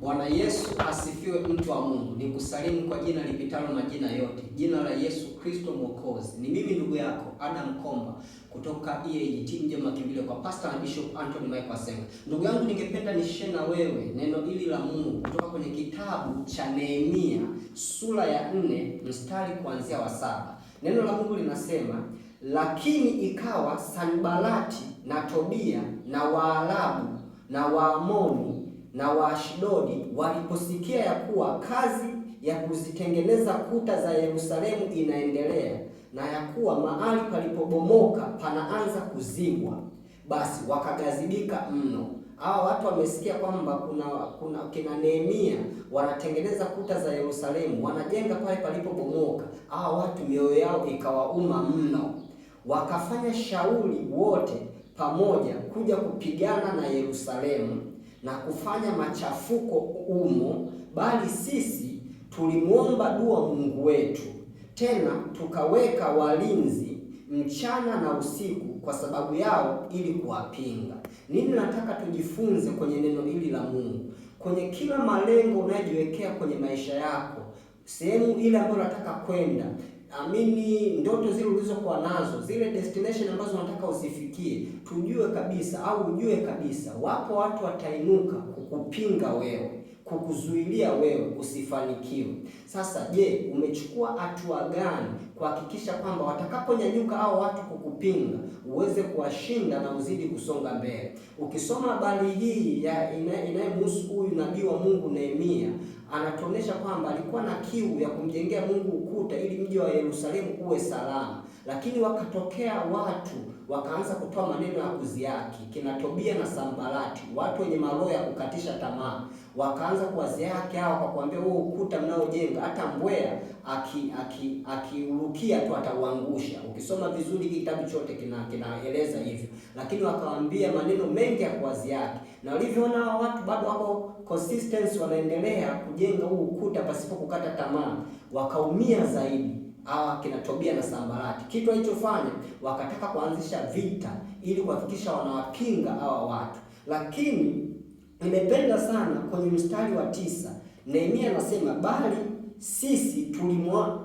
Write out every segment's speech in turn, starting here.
Bwana Yesu asifiwe, mtu wa Mungu. Nikusalimu kwa jina lipitalo majina yote, jina la Yesu Kristo Mwokozi. Ni mimi ndugu yako Adam Komba kutoka e EAGT Mje Makimbilio kwa Pastor na Bishop Anthony Michael Senga. Ndugu yangu, ningependa nishare na wewe neno hili la Mungu kutoka kwenye kitabu cha Nehemia sura ya nne mstari kuanzia wa saba. Neno la Mungu linasema lakini ikawa Sanbalati na Tobia na Waarabu na Waamoni na waashidodi waliposikia ya kuwa kazi ya kuzitengeneza kuta za Yerusalemu inaendelea na ya kuwa mahali palipobomoka panaanza kuzibwa, basi wakagazibika mno. Hawa watu wamesikia kwamba kuna kuna kina Nehemia wanatengeneza kuta za Yerusalemu, wanajenga pale palipobomoka. Hawa watu mioyo yao ikawauma mno, wakafanya shauri wote pamoja kuja kupigana na Yerusalemu na kufanya machafuko umo, bali sisi tulimwomba dua Mungu wetu, tena tukaweka walinzi mchana na usiku kwa sababu yao ili kuwapinga. Nini nataka tujifunze kwenye neno hili la Mungu? Kwenye kila malengo unayojiwekea kwenye maisha yako, sehemu ile ambayo unataka kwenda amini ndoto zile ulizokuwa nazo, zile destination ambazo unataka usifikie, tujue kabisa au ujue kabisa, wapo watu watainuka kukupinga wewe kukuzuilia wewe usifanikiwe. Sasa je, umechukua hatua gani kuhakikisha kwamba watakaponyanyuka hao watu kukupinga uweze kuwashinda na uzidi kusonga mbele? Ukisoma habari hii ya inayemhusu huyu nabii wa Mungu Nehemia, anatuonyesha kwamba alikuwa na kiu ya kumjengea Mungu ukuta ili mji wa Yerusalemu uwe salama, lakini wakatokea watu wakaanza kutoa maneno ya kuziaki kina Tobia na Sambalati, watu wenye maroho ya kukatisha tamaa, wakaanza kuwaziaki hawa kwa kuambia, huo ukuta mnaojenga hata mbwea akiurukia aki, aki tu atauangusha. Ukisoma vizuri kitabu chote kina kinaeleza hivyo, lakini wakawaambia maneno mengi ya kuwaziaki, na walivyoona hao watu bado wako consistency, wanaendelea kujenga huu ukuta pasipo kukata tamaa, wakaumia zaidi uh, kina Tobia na Sambarati. Kitu alichofanya wakataka kuanzisha vita ili kuhakikisha wanawapinga hawa watu, lakini nimependa sana kwenye mstari wa tisa Nehemia anasema bali sisi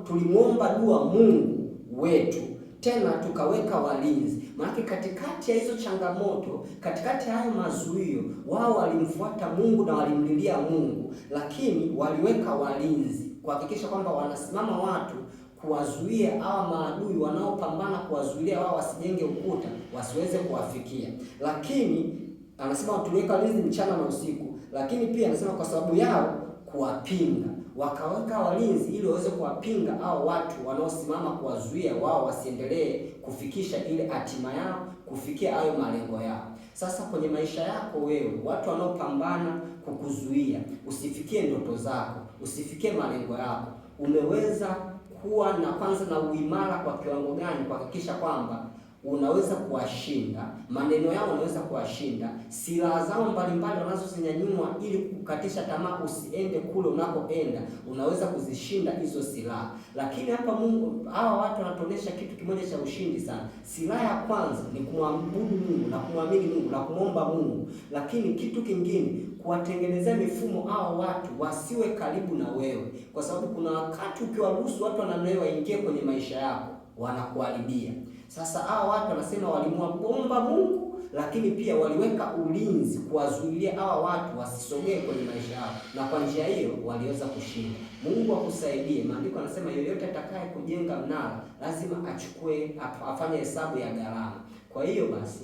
tulimwomba dua Mungu wetu tena tukaweka walinzi. Maana katikati ya hizo changamoto, katikati ya hayo mazuio, wao walimfuata Mungu na walimlilia Mungu, lakini waliweka walinzi kuhakikisha kwamba wanasimama watu kuwazuia hawa maadui wanaopambana kuwazuilia wao wasijenge ukuta wasiweze kuwafikia. Lakini anasema tuliweka walinzi mchana na usiku, lakini pia anasema kwa sababu yao kuwapinga, wakaweka walinzi ili waweze kuwapinga hao watu wanaosimama kuwazuia wao wasiendelee kufikisha ile hatima yao, kufikia hayo malengo yao. Sasa kwenye maisha yako wewe, watu wanaopambana kukuzuia usifikie ndoto zako, usifikie malengo yako, umeweza kuwa na kwanza na uimara kwa kiwango gani kuhakikisha kwamba unaweza kuwashinda, maneno yao unaweza kuwashinda, silaha zao mbalimbali wanazozinyanyua ili kukatisha tamaa usiende kule unapoenda unaweza kuzishinda hizo silaha. Lakini hapa Mungu, hawa watu wanatuonesha kitu kimoja cha ushindi sana. Silaha ya kwanza ni kumwabudu Mungu na kumwamini Mungu na kumwomba Mungu, lakini kitu kingine kuwatengenezea mifumo hao watu wasiwe karibu na wewe, kwa sababu kuna wakati ukiwaruhusu watu wanamna waingie kwenye maisha yako wanakuharibia. Sasa hawa watu wanasema walimwomba Mungu, lakini pia waliweka ulinzi kuwazuilia hawa watu wasisogee kwenye maisha yao, na kwa njia hiyo waliweza kushinda. Mungu akusaidie. Maandiko anasema yeyote atakaye kujenga mnara lazima achukue, afanye hesabu ya gharama. Kwa hiyo basi,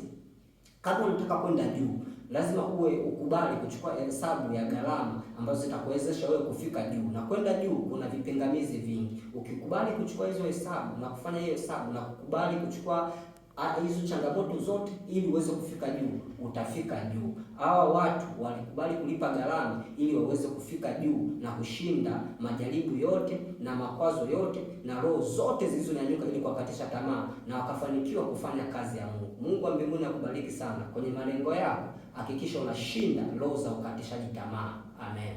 kama unataka kwenda juu lazima uwe ukubali kuchukua hesabu ya gharama ambazo zitakuwezesha wewe kufika juu, na kwenda juu kuna vipingamizi vingi ukikubali kuchukua hizo hesabu na kufanya hiyo hesabu na kukubali kuchukua ah, hizo changamoto zote ili uweze kufika juu, utafika juu. Hawa watu walikubali kulipa gharama ili waweze kufika juu na kushinda majaribu yote na makwazo yote na roho zote zilizonyanyuka ili kuwakatisha tamaa, na wakafanikiwa kufanya kazi ya Mungu. Mungu wa mbinguni akubariki sana kwenye malengo yako. Hakikisha unashinda roho za ukatishaji tamaa. Amen.